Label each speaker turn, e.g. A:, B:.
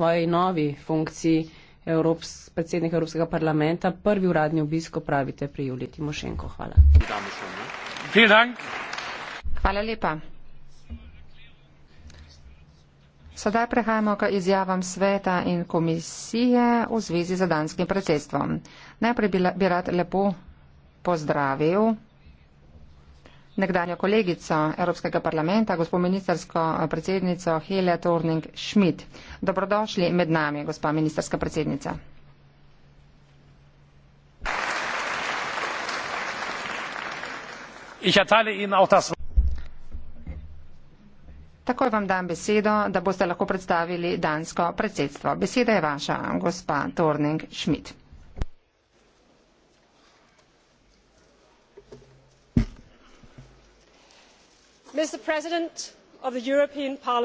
A: tvoji novi funkciji Evrops, predsednik Evropskega parlamenta prvi uradni obisk opravite pri Juliji Timošenko. Hvala. Hvala lepa. Sedaj prehajamo k izjavam sveta in komisije v zvezi z danskim predsedstvom. Najprej bi rad lepo pozdravil nekdanjo kolegico Evropskega parlamenta, gospo ministersko eh, predsednico Hele Torning-Schmidt. Dobrodošli med nami, gospa ministerska predsednica. Takoj vam dam besedo, da boste lahko predstavili dansko predsedstvo. Beseda je vaša, gospa Torning-Schmidt. mr president of the european parliament